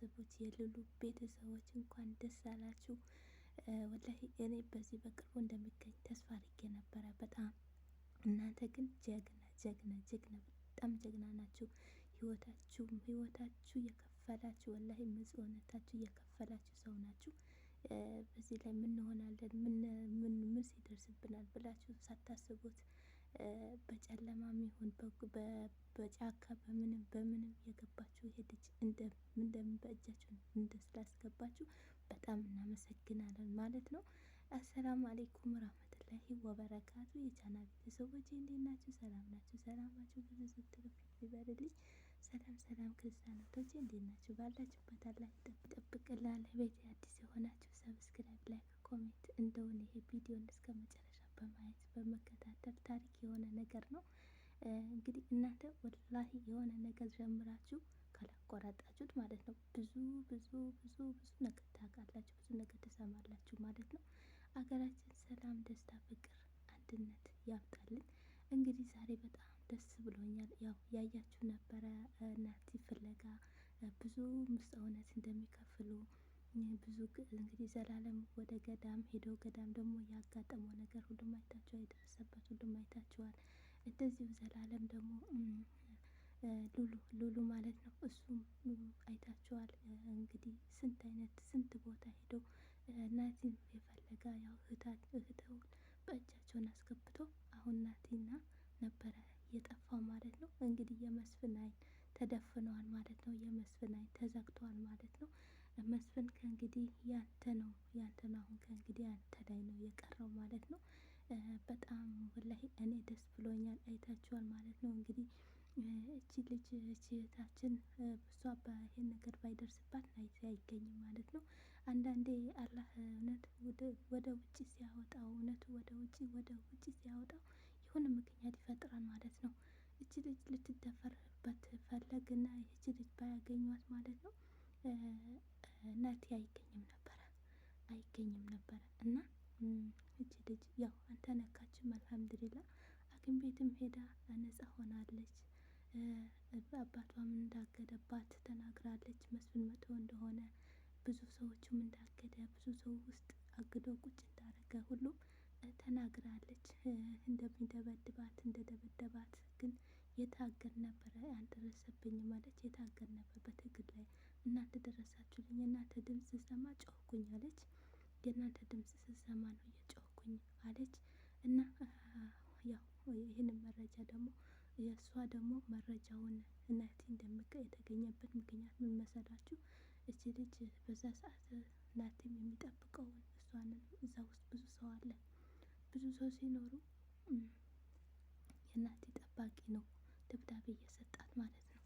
ቤተሰቦች የልሉ ቤተሰቦች እንኳን ደስ አላችሁ። ወላሂ እኔ በዚህ በቅርቡ እንደሚገኝ ተስፋ አድርጌ ነበረ። በጣም እናንተ ግን ጀግና ጀግና ጀግና በጣም ጀግና ናችሁ። ህይወታችሁ ህይወታችሁ የከፈላችሁ ወላሂ መስዋዕትነታችሁ የከፈላችሁ ሰው ናችሁ። በዚህ ላይ ምን እንሆናለን ምን ምን ሲደርስብናል ብላችሁ ሳታስቡት በጨለማም ይሁን በጫካ በምንም በምንም የገባችሁ ሄደች እንደምን በእጃችሁ እንደ ስላስገባችሁ በጣም እናመሰግናለን ማለት ነው። አሰላሙ አሌይኩም ራህመቱላሂ ወበረካቱ። የቻና ቤተሰቦች እንዴት ናችሁ? ሰላም ናችሁ? ሰላማችሁ ብዙ ስትርፍርፍ ይበልልኝ። ሰላም ሰላም ክርስቲያኖቶች እንዴት ናችሁ? ባላችሁበት አላህ ይጠብቅላል። ቤት አዲስ የሆናችሁ ሰብስክራይብ፣ ላይክ፣ ኮሜንት እንደውን ይሄ ቪዲዮን እስከ መጨረሻ በመከታተል ታሪክ የሆነ ነገር ነው። እንግዲህ እናንተ ወላሂ የሆነ ነገር ጀምራችሁ ካላቆረጣችሁት ማለት ነው ብዙ ብዙ ብዙ ብዙ ነገር ታውቃላችሁ፣ ብዙ ነገር ትሰማላችሁ ማለት ነው። አገራችን ሰላም፣ ደስታ፣ ፍቅር፣ አንድነት ያምጣልን። እንግዲህ ዛሬ በጣም ደስ ብሎኛል። ያው ያያችሁ ነበረ ናቲ ፍለጋ ብዙ ምስጥ እውነት እንደሚከፍሉ ብዙ እንግዲህ ዘላለም ወደ ገዳም ሄዶ ገዳም ደግሞ ያጋጠመው ነገር ሁሉም አይታችኋል። የደረሰበት ሁሉም አይታችኋል። እንደዚሁ ዘላለም ደግሞ ሉሉ ሉሉ ማለት ነው። እሱም አይታችኋል። እንግዲህ ስንት አይነት ስንት ቦታ ሄዶ ናቲን የፈለጋ ያው እህታቸውን በእጃቸውን አስገብቶ አሁን ናቲና ነበረ የጠፋው ማለት ነው። እንግዲህ የመስፍን አይን ተደፍነዋል ማለት ነው። የመስፍን ዓይን ተዘግተዋል ማለት ነው። መስፍን ከእንግዲህ ያንተ ነው ያንተ ነው አሁን ከእንግዲህ ያንተ ላይ ነው የቀረው ማለት ነው። በጣም ወላሂ እኔ ደስ ብሎኛል። አይታችኋል ማለት ነው እንግዲህ እቺ ልጅ እህታችን እሷ በይሄን ነገር ባይደርስባት አይገኝም ማለት ነው። አንዳንዴ አላህ እውነት ወደ ውጭ ሲያወጣው እውነት ወደ ውጭ ወደ ውጭ ሲያወጣው የሆነ ምክንያት ይፈጥራል ማለት ነው። እቺ ልጅ ልትደፈርበት ፈለግና እቺ ልጅ ባያገኟት ማለት ነው ነቲ አይገኝም ነበረ አይገኝም ነበረ እና እቺ ልጅ ያው አልተነካችም። አልሐምዱሊላ ሐኪም ቤትም ሄዳ ነጻ ሆናለች። አባቷም እንዳገደባት ተናግራለች። መስፍን መቶ እንደሆነ ብዙ ሰዎችም እንዳገደ ብዙ ሰው ውስጥ አግዶ ቁጭ እንዳደረገ ሁሉ ተናግራለች። እንደሚደበድባት እንደደበደባት ግን የታገል ነበረ አልደረሰብኝም አለች። የታገል ነበር በትግል ላይ እናንተ ደረሳችሁልኝ፣ የእናንተ ድምፅ ስሰማ ጮህኩኝ አለች። የእናንተ ድምፅ ስሰማ ነው የጮህኩኝ አለች። እና ያው ይህንን መረጃ ደግሞ የእሷ ደግሞ መረጃውን እውነት እንደምቀ የተገኘበት ምክንያት ምን መሰላችሁ? እቺ ልጅ በዛ ሰዓት ናቲን የሚጠብቀው እሷን እዛ ውስጥ ብዙ ሰው አለ። ብዙ ሰው ሲኖሩ የናቲ ጠባቂ ነው ደብዳቤ እየሰጣት ማለት ነው።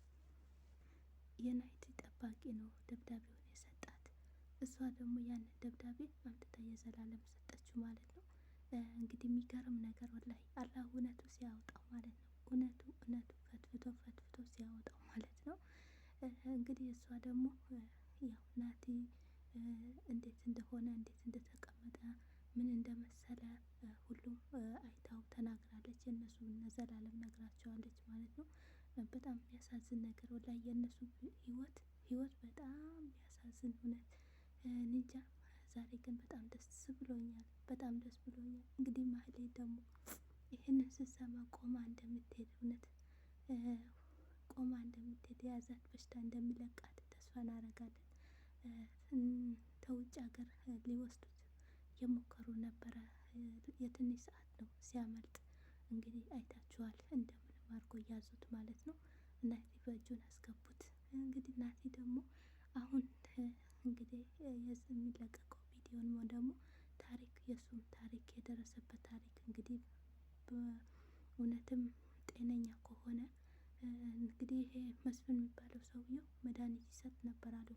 የናይቲ ጠባቂ ነው ደብዳቤውን የሰጣት። እሷ ደግሞ ያንን ደብዳቤ አምጥታ የዘላለም ሰጠችው ማለት ነው። እንግዲህ የሚገርም ነገር ወላሂ አላህ እውነቱ ሲያወጣው ማለት ነው። እውነቱ እውነቱ ፈትፍቶ ፈትፍቶ ሲያወጣው ማለት ነው። እንግዲህ እሷ ደግሞ ያው ናቲ እንዴት እንደሆነ እንዴት እንደተቀመጠ ምን እንደመሰለ ሁሉም አይታው ተናግራለች። የእነሱ ዘላለም ነግራቸዋለች ማለት ነው። በጣም የሚያሳዝን ነገር ወላሂ የእነሱ ህይወት ህይወት በጣም የሚያሳዝን እውነት እንጃ። ዛሬ ግን በጣም ደስ ብሎኛል፣ በጣም ደስ ብሎኛል። እንግዲህ ማህሌት ደግሞ ይህንን ስትሰማ ቆማ እንደምትሄድ እውነት ቆማ እንደምትሄድ የያዛት በሽታ እንደሚለቃት ተስፋ እናደርጋለን። ከውጭ ሀገር ሊወስዱት የሞከሩ ነበረ። የትንሽ ሰዓት ነው ሲያመልጥ እንግዲህ አይታችኋል። እንደምንም አድርጎ እያዙት ማለት ነው። ናቲ በእጁን አስገቡት። እንግዲህ ናቲ ደግሞ አሁን እንግዲህ የሚለቀቀው ወይም ደግሞ ታሪክ የእሱን ታሪክ የደረሰበት ታሪክ እንግዲህ በእውነትም ጤነኛ ከሆነ እንግዲህ ይሄ መስፍን የሚባለው ሰውዬው መድኃኒት ይሰጥ ነበር አሉ።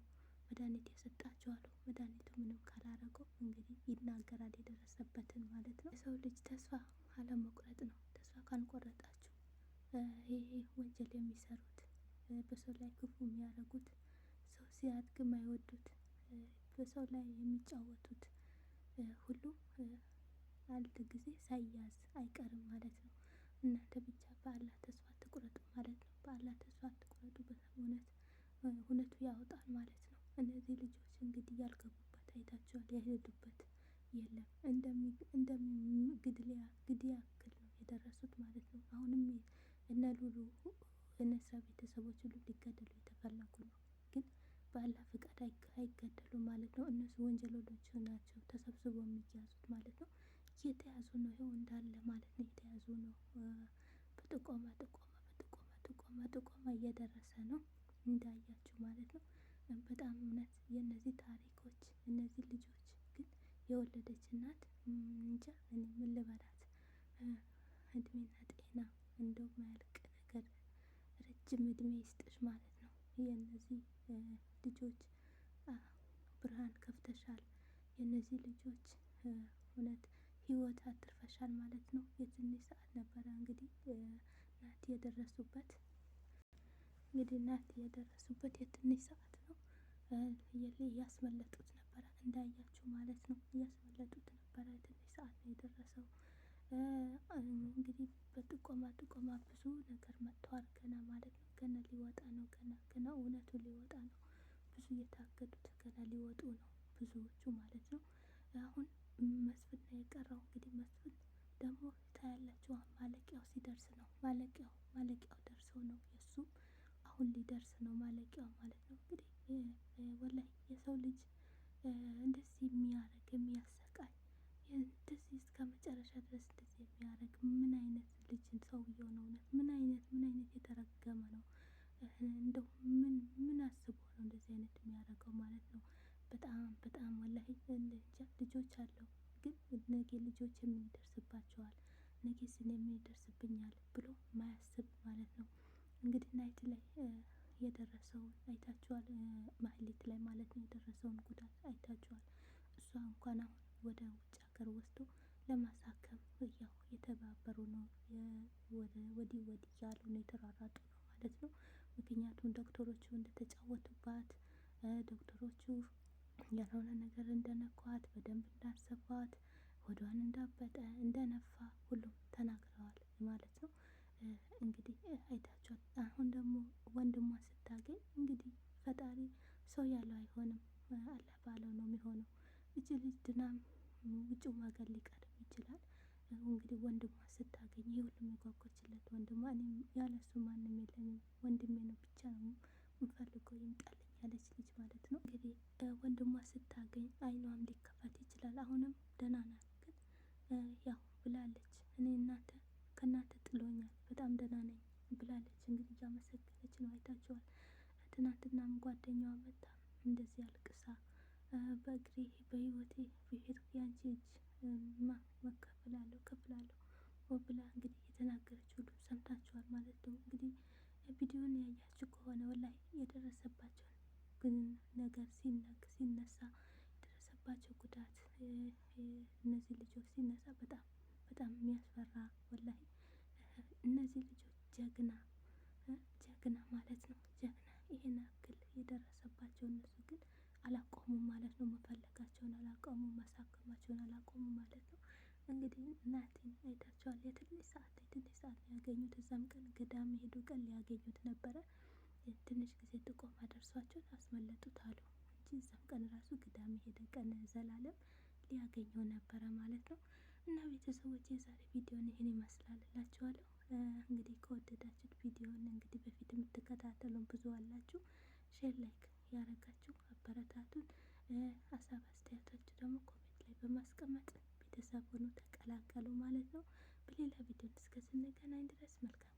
መድኃኒት የሰጣቸው አሉ። መድኃኒቱ ምንም ካላረገው እንግዲህ ይናገራል የደረሰበትን ማለት ነው። የሰው ልጅ ተስፋ አለመቁረጥ ነው። ተስፋ ካልቆረጣችሁ ይህ ወንጀል የሚሰሩት በሰው ላይ ክፉ የሚያደርጉት ሰው ሲያድግ የማይወዱት በሰው ላይ የሚጫወቱት ሁሉ አንድ ጊዜ ሳይያዝ አይቀርም ማለት ነው። እናንተ ብቻ በአላህ ተስፋ አትቁረጡ ማለት ነው። በአላህ ተስፋ አትቁረጡ። በእውነት እውነቱ ያወጣል ማለት ነው። ያልገቡበት አይታችኋል። የሄዱበት የለም እንደግድያ ያክል ነው የደረሱት ማለት ነው። አሁንም እነ ሉሉ እነዛ ቤተሰቦች ሁሉ ሊገደሉ የተፈለጉ ነው፣ ግን በአላህ ፍቃድ አይገደሉም ማለት ነው። እነሱ ወንጀለኞች ናቸው ተሰብስበው የሚያዙት ማለት ነው። የተያዙ ነው ይኸው እንዳለ ማለት ነው። የተያዙ ነው በጥቆማ ጥቆማ በጥቆማ ጥቆማ ጥቆማ እየደረሰ ነው እንዳያችሁ ማለት ነው። በጣም እውነት የእነዚህ ታሪኮች እነዚህ ልጆች ግን የወለደች እናት እንጃ እኔ ምን ልበላት፣ እድሜና ጤና እንደው ማያልቅ ነገር ረጅም እድሜ ይስጥሽ ማለት ነው። የእነዚህ ልጆች ብርሃን ከፍተሻል፣ የእነዚህ ልጆች እውነት ህይወት አትርፈሻል ማለት ነው። የትንሽ ሰዓት ነበረ እንግዲህ ናት የደረሱበት እንግዲህ ናት የደረሱበት የትንሽ ሰዓት ፍየል እያስመለጡት ነበረ፣ እንዳያቸው ማለት ነው። እያስመለጡት ነበረ። ትንሽ ሰዓት ነው የደረሰው። እንግዲህ በጥቆማ ጥቆማ ብዙ ነገር መጥተዋል። ገና ማለት ነው። ገና ሊወጣ ነው። ገና ገና እውነቱ ሊወጣ ነው። ብዙ የታገዱት ገና ሊወጡ ነው፣ ብዙዎቹ ማለት ነው። አሁን መስፍን ነው የቀረው። እንግዲህ መስፍን ደግሞ ታያላችሁ፣ ማለቂያው ሲደርስ ነው። ማለቂያው ማለቂያው ደርሶ ነው። እሱ አሁን ሊደርስ ነው ማለቂያው ማለት ነው። ምን አይነት ልጅን ሰውየው ነው እውነት ምን አይነት ምን አይነት የተረገመ ነው። እንደው ምን ምን አስቦ ነው እንደዚህ አይነት የሚያደርገው ማለት ነው። በጣም በጣም ወላሂ እንጃ ልጆች አለው ግን ነገ ልጆች የሚደርስባቸዋል ነገ ስለ የሚደርስብኛል ብሎ ማያስብ ማለት ነው። እንግዲህ ናይት ላይ የደረሰውን አይታችኋል። ማህሌት ላይ ማለት ነው የደረሰውን ጉዳት አይታችኋል። እሷ እንኳን አሁን ወደ ውጭ ሀገር ወስዶ ለማሳከም ወዲህ ወዲህ እያሉ ነው የተሯሯጡ ነው ማለት ነው። ምክንያቱም ዶክተሮቹ እንደተጫወቱባት ዶክተሮቹ ያልሆነ ነገር እንደነኳት በደንብ እንዳሰቧት ሆዷን እንዳበጠ እንደነፋ ሁሉም ተናግረዋል ማለት ነው። እንግዲህ አይታችኋል። አሁን ደግሞ ወንድሟ ስታገኝ እንግዲህ ፈጣሪ ሰው ያለው አይሆንም አላህ ባለው ነው የሚሆነው። እቺ ልጅ ድናም ውጭ ሀገር ሊቀርም ይችላል እንግዲህ ወንድሟ ስታገኝ የሁሉም የጓጓችለት ወንድሟ እኔም ያለሱ ማንም የለኝም ወንድሜን ብቻ ነው የምፈልገው ይምጣልኝ ያለች ልጅ ማለት ነው። እንግዲህ ወንድሟ ስታገኝ አይኗም ሊከፈት ይችላል። አሁንም ደህና ናት፣ ግን ያው ብላለች። እኔ እናንተ ከእናንተ ጥሎኛል በጣም ደህና ነኝ ብላለች። እንግዲህ እያመሰገነች ነው፣ አይታችኋል። ትናንትናም ጓደኛዋ መታ እንደዚህ አልቅሳ በእግሬ በህይወቴ ብሄድ ያንቺ እጅ መከራ እከፍላለሁ ብላ እንግዲህ የተናገረችው ሁሉም ሰምታችኋል ማለት ነው። እንግዲህ ቪዲዮን ያያችሁ ከሆነ ወላሂ የደረሰባቸው ግን ነገር ሲነሳ የደረሰባቸው ጉዳት እነዚህ ልጆች ሲነሳ በጣም በጣም የሚያስፈራ ወላሂ እነዚህ ልጆች ጀግና ጀግና ማለት ነው። ጀግና ይህን ያክል የደረሰባቸው እነሱ ግን አላቆሙም ማለት ነው። መፈለጋቸውን አላቆሙም፣ ማሳከማቸውን አላቆሙም ማለት ነው። እንግዲህ ናቲን አይታቸዋል። የትንሽ ሰዓት የትንሽ ሰዓት ያገኙት እዛም ቀን ገዳም የሄዱ ቀን ሊያገኙት ነበረ። ትንሽ ጊዜ ጥቆማ ደርሷቸው አስመለጡት አሉ እንጂ እዛም ቀን ራሱ ገዳም ሄደ ቀን ዘላለም ሊያገኘው ነበረ ማለት ነው። እና ቤተሰቦች የዛሬ ቪዲዮን ይህን ይመስላል እላችኋለሁ። እንግዲህ ከወደዳችሁት ቪዲዮን እንግዲህ በፊት የምትከታተሉ ብዙ አላችሁ፣ ሼር ላይክ ያረጋችሁ አበረታቱን። ሀሳብ አስተያየታችሁ ደግሞ ኮሜንት ላይ በማስቀመጥ ቤተሰብ ሆኑ ተቀላቀሉ ማለት ነው። በሌላ ቪዲዮ እስከ ስንገናኝ ድረስ መልካም